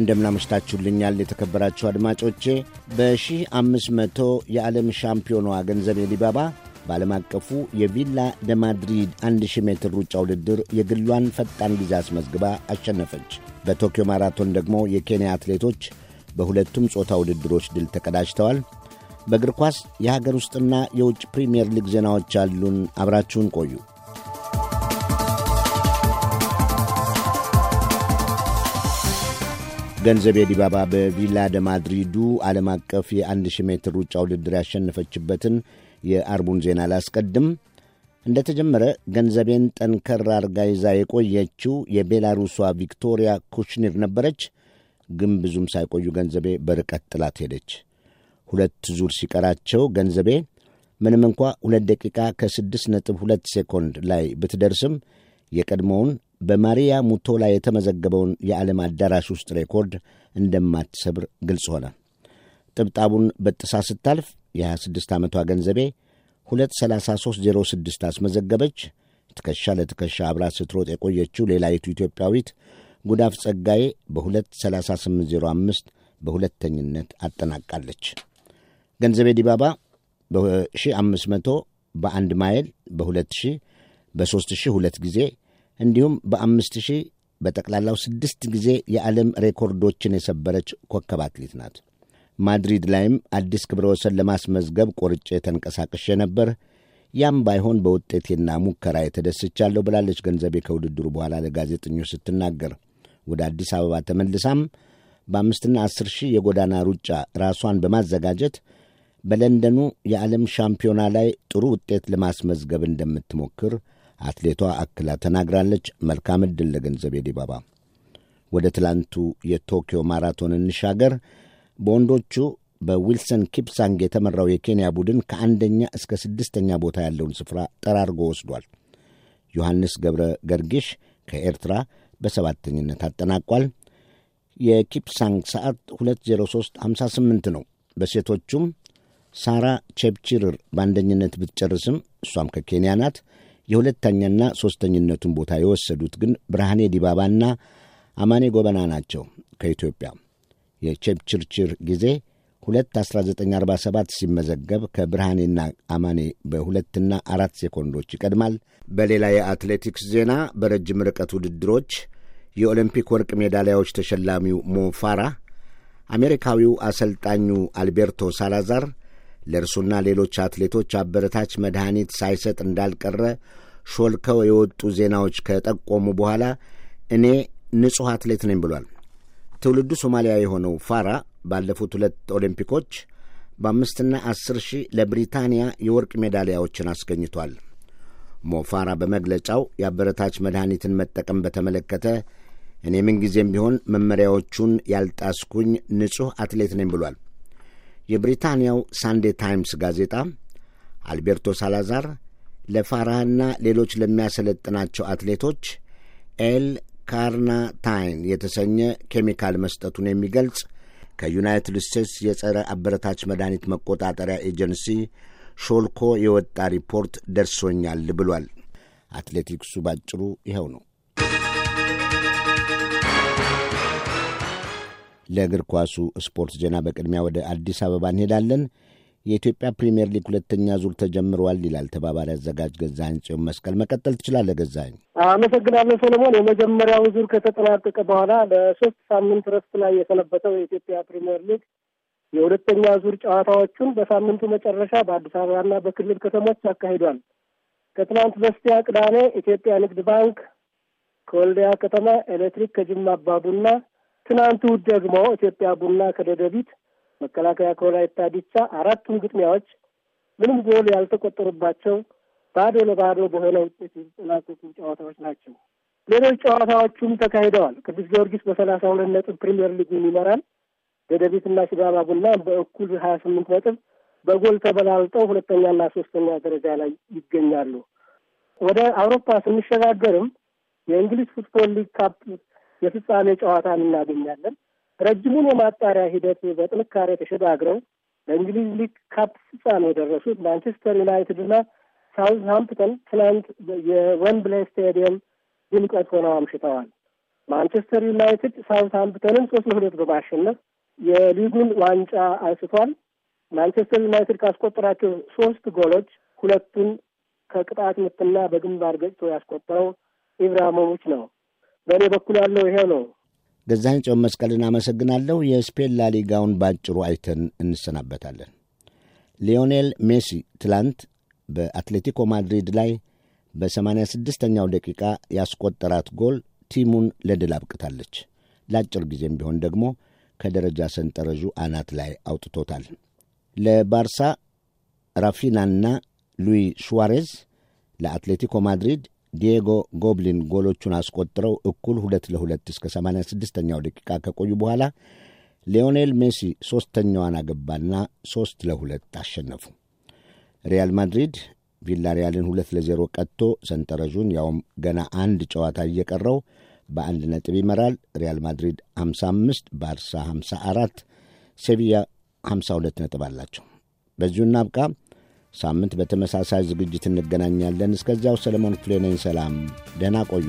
እንደምናመሽታችሁልኛል የተከበራችሁ አድማጮቼ። በ1500 የዓለም ሻምፒዮኗ ገንዘቤ ዲባባ በዓለም አቀፉ የቪላ ደማድሪድ 1000 ሜትር ሩጫ ውድድር የግሏን ፈጣን ጊዜ አስመዝግባ አሸነፈች። በቶኪዮ ማራቶን ደግሞ የኬንያ አትሌቶች በሁለቱም ጾታ ውድድሮች ድል ተቀዳጅተዋል። በእግር ኳስ የሀገር ውስጥና የውጭ ፕሪምየር ሊግ ዜናዎች አሉን። አብራችሁን ቆዩ። ገንዘቤ ዲባባ በቪላ ደ ማድሪዱ ዓለም አቀፍ የ1000 ሜትር ሩጫ ውድድር ያሸነፈችበትን የአርቡን ዜና ላስቀድም። እንደተጀመረ ገንዘቤን ጠንከር አርጋ ይዛ የቆየችው የቤላሩሷ ቪክቶሪያ ኩሽኒር ነበረች። ግን ብዙም ሳይቆዩ ገንዘቤ በርቀት ጥላት ሄደች። ሁለት ዙር ሲቀራቸው ገንዘቤ ምንም እንኳ ሁለት ደቂቃ ከስድስት ነጥብ ሁለት ሴኮንድ ላይ ብትደርስም የቀድሞውን በማሪያ ሙቶላ የተመዘገበውን የዓለም አዳራሽ ውስጥ ሬኮርድ እንደማትሰብር ግልጽ ሆነ። ጥብጣቡን በጥሳ ስታልፍ የ26 ዓመቷ ገንዘቤ 23306 አስመዘገበች። ትከሻ ለትከሻ አብራ ስትሮጥ የቆየችው ሌላዪቱ ኢትዮጵያዊት ጉዳፍ ጸጋዬ በ23805 በሁለተኝነት አጠናቃለች። ገንዘቤ ዲባባ በ1500 በአንድ ማይል በ2000 በ3000 ሁለት ጊዜ እንዲሁም በአምስት ሺህ በጠቅላላው ስድስት ጊዜ የዓለም ሬኮርዶችን የሰበረች ኮከብ አትሌት ናት። ማድሪድ ላይም አዲስ ክብረ ወሰን ለማስመዝገብ ቆርጬ ተንቀሳቅሼ ነበር። ያም ባይሆን በውጤቴና ሙከራ የተደስቻለሁ ብላለች ገንዘቤ ከውድድሩ በኋላ ለጋዜጠኞች ስትናገር። ወደ አዲስ አበባ ተመልሳም በአምስትና አስር ሺህ የጎዳና ሩጫ ራሷን በማዘጋጀት በለንደኑ የዓለም ሻምፒዮና ላይ ጥሩ ውጤት ለማስመዝገብ እንደምትሞክር አትሌቷ አክላ ተናግራለች። መልካም ዕድል ለገንዘቤ ዲባባ። ወደ ትላንቱ የቶኪዮ ማራቶን እንሻገር። በወንዶቹ በዊልሰን ኪፕሳንግ የተመራው የኬንያ ቡድን ከአንደኛ እስከ ስድስተኛ ቦታ ያለውን ስፍራ ጠራርጎ ወስዷል። ዮሐንስ ገብረ ገርጌሽ ከኤርትራ በሰባተኝነት አጠናቋል። የኪፕሳንግ ሰዓት 20358 ነው። በሴቶቹም ሳራ ቼፕቺርር በአንደኝነት ብትጨርስም እሷም ከኬንያ ናት። የሁለተኛና ሦስተኝነቱን ቦታ የወሰዱት ግን ብርሃኔ ዲባባና አማኔ ጎበና ናቸው። ከኢትዮጵያ የቼፕችርችር ጊዜ 21947 ሲመዘገብ ከብርሃኔና አማኔ በሁለትና አራት ሴኮንዶች ይቀድማል። በሌላ የአትሌቲክስ ዜና በረጅም ርቀት ውድድሮች የኦሎምፒክ ወርቅ ሜዳሊያዎች ተሸላሚው ሞፋራ አሜሪካዊው አሰልጣኙ አልቤርቶ ሳላዛር ለእርሱና ሌሎች አትሌቶች አበረታች መድኃኒት ሳይሰጥ እንዳልቀረ ሾልከው የወጡ ዜናዎች ከጠቆሙ በኋላ እኔ ንጹሕ አትሌት ነኝ ብሏል። ትውልዱ ሶማሊያ የሆነው ፋራ ባለፉት ሁለት ኦሊምፒኮች በአምስትና አስር ሺህ ለብሪታንያ የወርቅ ሜዳሊያዎችን አስገኝቷል። ሞፋራ በመግለጫው የአበረታች መድኃኒትን መጠቀም በተመለከተ እኔ ምንጊዜም ቢሆን መመሪያዎቹን ያልጣስኩኝ ንጹሕ አትሌት ነኝ ብሏል። የብሪታንያው ሳንዴ ታይምስ ጋዜጣ አልቤርቶ ሳላዛር ለፋራህና ሌሎች ለሚያሰለጥናቸው አትሌቶች ኤል ካርናታይን የተሰኘ ኬሚካል መስጠቱን የሚገልጽ ከዩናይትድ ስቴትስ የጸረ አበረታች መድኃኒት መቆጣጠሪያ ኤጀንሲ ሾልኮ የወጣ ሪፖርት ደርሶኛል ብሏል። አትሌቲክሱ ባጭሩ ይኸው ነው። ለእግር ኳሱ ስፖርት ዜና በቅድሚያ ወደ አዲስ አበባ እንሄዳለን። የኢትዮጵያ ፕሪምየር ሊግ ሁለተኛ ዙር ተጀምሯል ይላል ተባባሪ አዘጋጅ ገዛኸኝ ጽዮን መስቀል። መቀጠል ትችላለህ ገዛኝ። አመሰግናለሁ ሰለሞን። የመጀመሪያው ዙር ከተጠናቀቀ በኋላ ለሶስት ሳምንት ረፍት ላይ የሰነበተው የኢትዮጵያ ፕሪምየር ሊግ የሁለተኛ ዙር ጨዋታዎቹን በሳምንቱ መጨረሻ በአዲስ አበባና በክልል ከተሞች አካሂዷል። ከትናንት በስቲያ ቅዳሜ ኢትዮጵያ ንግድ ባንክ ከወልዲያ ከተማ፣ ኤሌክትሪክ ከጅማ አባቡና፣ ትናንት ደግሞ ኢትዮጵያ ቡና ከደደቢት፣ መከላከያ ከወላይታ ዲቻ አራቱን ግጥሚያዎች ምንም ጎል ያልተቆጠሩባቸው ባዶ ለባዶ በሆነ ውጤት የተጠናቀቁ ጨዋታዎች ናቸው። ሌሎች ጨዋታዎቹም ተካሂደዋል። ቅዱስ ጊዮርጊስ በሰላሳ ሁለት ነጥብ ፕሪምየር ሊጉን ይመራል። ደደቢትና ሲዳማ ቡና በእኩል ሀያ ስምንት ነጥብ በጎል ተበላልጠው ሁለተኛና ሶስተኛ ደረጃ ላይ ይገኛሉ። ወደ አውሮፓ ስንሸጋገርም የእንግሊዝ ፉትቦል ሊግ ካፕ የፍጻሜ ጨዋታን እናገኛለን። ረጅሙን የማጣሪያ ሂደት በጥንካሬ ተሸጋግረው ለእንግሊዝ ሊግ ካፕ ፍጻሜ የደረሱት ማንቸስተር ዩናይትድና ሃምፕተን ትናንት የዌምብሌይ ስታዲየም ድምቀት ሆነው አምሽተዋል። ማንቸስተር ዩናይትድ ሃምፕተንን ሶስት ለሁለት በማሸነፍ የሊጉን ዋንጫ አንስቷል። ማንቸስተር ዩናይትድ ካስቆጠራቸው ሶስት ጎሎች ሁለቱን ከቅጣት ምትና በግንባር ገጭቶ ያስቆጠረው ኢብራሂሞቪች ነው። በእኔ በኩል ያለው ይሄ ነው። ገዛኸኝ ጾም መስቀልን አመሰግናለሁ። የስፔን ላሊጋውን በአጭሩ አይተን እንሰናበታለን። ሊዮኔል ሜሲ ትላንት በአትሌቲኮ ማድሪድ ላይ በ86ኛው ደቂቃ ያስቆጠራት ጎል ቲሙን ለድል አብቅታለች። ለአጭር ጊዜም ቢሆን ደግሞ ከደረጃ ሰንጠረዡ አናት ላይ አውጥቶታል። ለባርሳ ራፊናና ሉዊ ሹዋሬዝ፣ ለአትሌቲኮ ማድሪድ ዲየጎ ጎብሊን ጎሎቹን አስቆጥረው እኩል ሁለት ለሁለት እስከ 86ኛው ደቂቃ ከቆዩ በኋላ ሊዮኔል ሜሲ ሦስተኛዋን አገባና ሦስት ለሁለት አሸነፉ። ሪያል ማድሪድ ቪላሪያልን ሁለት ለዜሮ ቀጥቶ ሰንጠረዡን ያውም ገና አንድ ጨዋታ እየቀረው በአንድ ነጥብ ይመራል። ሪያል ማድሪድ 55፣ ባርሳ 54፣ ሴቪያ 52 ነጥብ አላቸው። በዚሁ እናብቃ። ሳምንት በተመሳሳይ ዝግጅት እንገናኛለን። እስከዚያው ሰለሞን ክፍሌ ነኝ። ሰላም፣ ደህና ቆዩ።